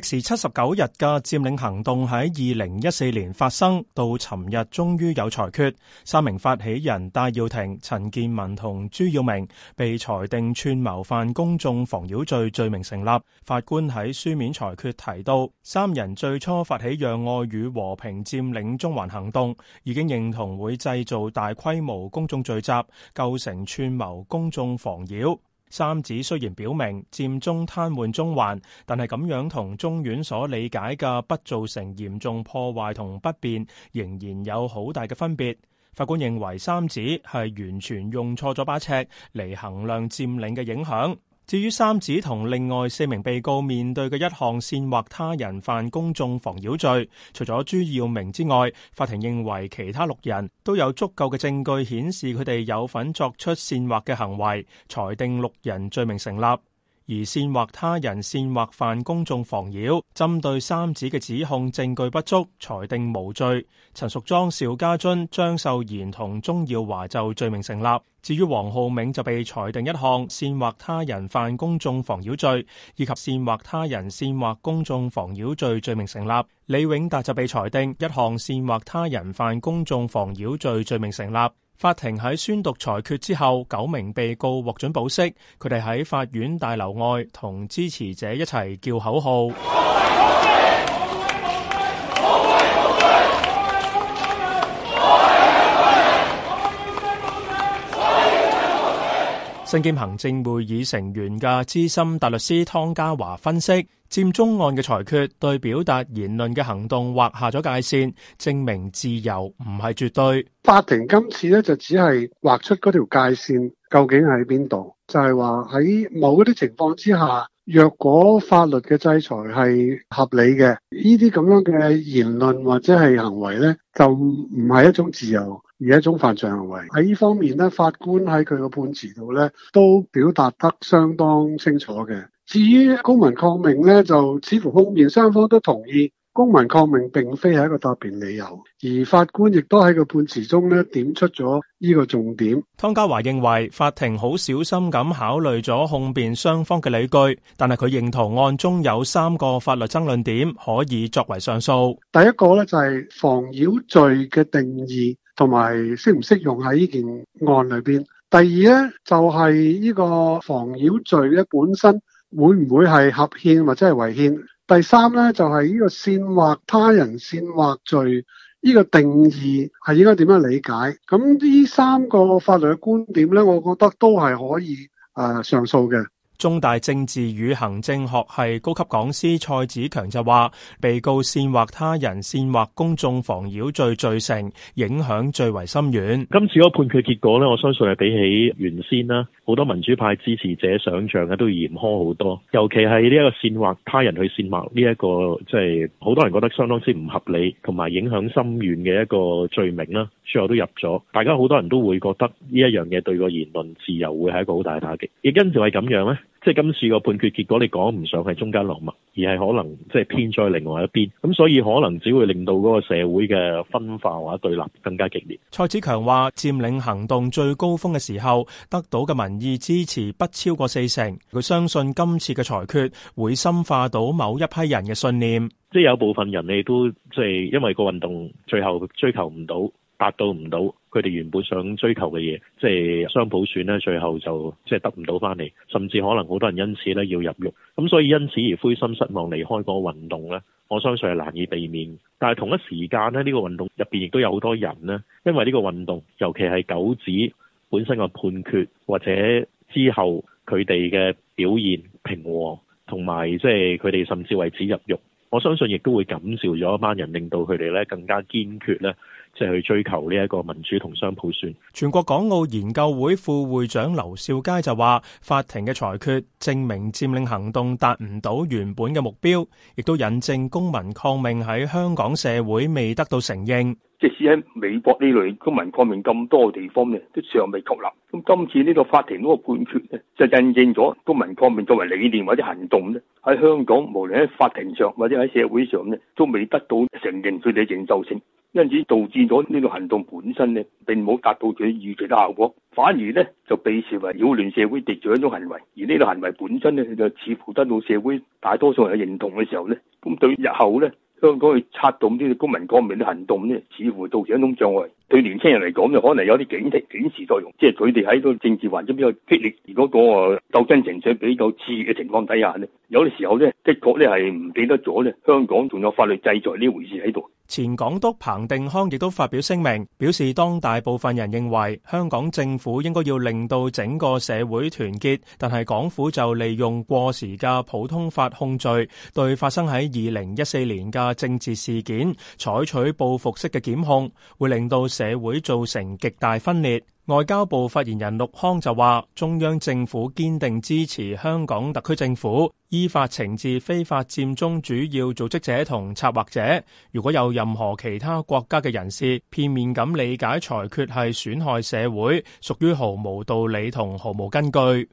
歷時七十九日嘅佔領行動喺二零一四年發生，到尋日終於有裁決，三名發起人戴耀廷、陳健民同朱耀明被裁定串謀犯公眾妨擾罪，罪名成立。法官喺書面裁決提到，三人最初發起讓愛與和平佔領中環行動，已經認同會製造大規模公眾聚集，構成串謀公眾妨擾。三子雖然表明佔中癱瘓中環，但係咁樣同中院所理解嘅不造成嚴重破壞同不便，仍然有好大嘅分別。法官認為三子係完全用錯咗把尺嚟衡量佔領嘅影響。至於三子同另外四名被告面對嘅一項煽惑他人犯公眾妨擾罪，除咗朱耀明之外，法庭認為其他六人都有足夠嘅證據顯示佢哋有份作出煽惑嘅行為，裁定六人罪名成立。而煽惑他人煽惑犯公眾妨擾，針對三子嘅指控證據不足，裁定無罪。陳淑莊、邵家臻、張秀賢同鍾耀華就罪名成立。至於黃浩銘就被裁定一項煽惑他人犯公眾妨擾罪，以及煽惑他人煽惑公眾妨擾罪罪名成立。李永達就被裁定一項煽惑他人犯公眾妨擾罪罪名成立。法庭喺宣讀裁決之後，九名被告獲准保釋。佢哋喺法院大樓外同支持者一齊叫口號。身兼行政會議成員嘅資深大律師湯家驊分析，佔中案嘅裁決對表達言論嘅行動劃下咗界線，證明自由唔係絕對。法庭今次咧就只係畫出嗰條界線，究竟喺邊度？就係話喺某啲情況之下，若果法律嘅制裁係合理嘅，呢啲咁樣嘅言論或者係行為咧，就唔係一種自由。而一種犯罪行為喺呢方面咧，法官喺佢個判詞度咧都表達得相當清楚嘅。至於公民抗命咧，就似乎控辯雙方都同意公民抗命並非係一個答辯理由，而法官亦都喺個判詞中咧點出咗呢個重點。湯家驊認為法庭好小心咁考慮咗控辯雙方嘅理據，但係佢認同案中有三個法律爭論點可以作為上訴。第一個咧就係妨擾罪嘅定義。同埋適唔適用喺呢件案裏邊？第二呢，就係呢個妨擾罪咧本身會唔會係合憲或者係違憲？第三呢，就係呢個煽惑他人煽惑罪呢個定義係應該點樣理解？咁呢三個法律嘅觀點咧，我覺得都係可以啊上訴嘅。中大政治與行政學系高級講師蔡子強就話，被告煽惑他人、煽惑公眾妨擾罪罪成，影響最為深遠。今次個判決結果咧，我相信係比起原先啦，好多民主派支持者想象嘅都要嚴苛，好多尤其係呢一個煽惑他人去煽惑呢一個，即係好多人覺得相當之唔合理，同埋影響深遠嘅一個罪名啦，最後都入咗。大家好多人都會覺得呢一樣嘢對個言論自由會係一個好大打擊。亦跟住，係咁樣咧。即係今次個判決結果，你講唔上係中間落墨，而係可能即係偏在另外一邊，咁，所以可能只會令到嗰個社會嘅分化或者對立更加激烈。蔡子強話佔領行動最高峰嘅時候得到嘅民意支持不超過四成。佢相信今次嘅裁決會深化到某一批人嘅信念，即係有部分人你都即係因為個運動最後追求唔到，達到唔到佢哋原本想追求嘅嘢，即係雙普選呢，最後就即係得唔到翻嚟，甚至可能好多人因此呢要入獄，咁所以因此而灰心失望離開嗰個運動呢，我相信係難以避免。但係同一時間呢，呢、呢個運動入邊亦都有好多人呢，因為呢個運動，尤其係九子本身個判決或者之後佢哋嘅表現平和，同埋即係佢哋甚至為此入獄，我相信亦都會感召咗一班人，令到佢哋呢更加堅決呢。即係去追求呢一個民主同雙普選。全國港澳研究會副會長劉少佳就話，法庭嘅裁決證明佔領行動達唔到原本嘅目標，亦都引證公民抗命喺香港社會未得到承認，即使喺美國呢類公民抗命咁多嘅地方呢都尚未確立。咁今次呢個法庭嗰個判決呢，就印證咗公民抗命作為理念或者行動呢，喺香港無論喺法庭上或者喺社會上呢，都未得到承認，佢哋嘅認受性。因此，導致咗呢個行動本身呢，並冇達到佢預期嘅效果，反而呢就被視為擾亂社會秩序一種行為。而呢個行為本身呢，就似乎得到社會大多數人嘅認同嘅時候呢，咁對日後呢，香港去策動呢個公民抗命嘅行動呢，似乎造成一種障礙。對年輕人嚟講，就可能有啲警惕警示作用。即係佢哋喺個政治環境比較激烈，而嗰個鬥爭情緒比較刺激嘅情況底下呢，有啲時候呢，的確呢，係唔記得咗呢香港仲有法律制裁呢回事喺度。前港督彭定康亦都發表聲明，表示當大部分人認為香港政府應該要令到整個社會團結，但係港府就利用過時嘅普通法控罪，對發生喺二零一四年嘅政治事件採取報復式嘅檢控，會令到社會造成極大分裂。外交部發言人陸康就話：中央政府堅定支持香港特區政府依法懲治非法佔中主要組織者同策劃者。如果有任何其他國家嘅人士片面咁理解裁決係損害社會，屬於毫無道理同毫無根據。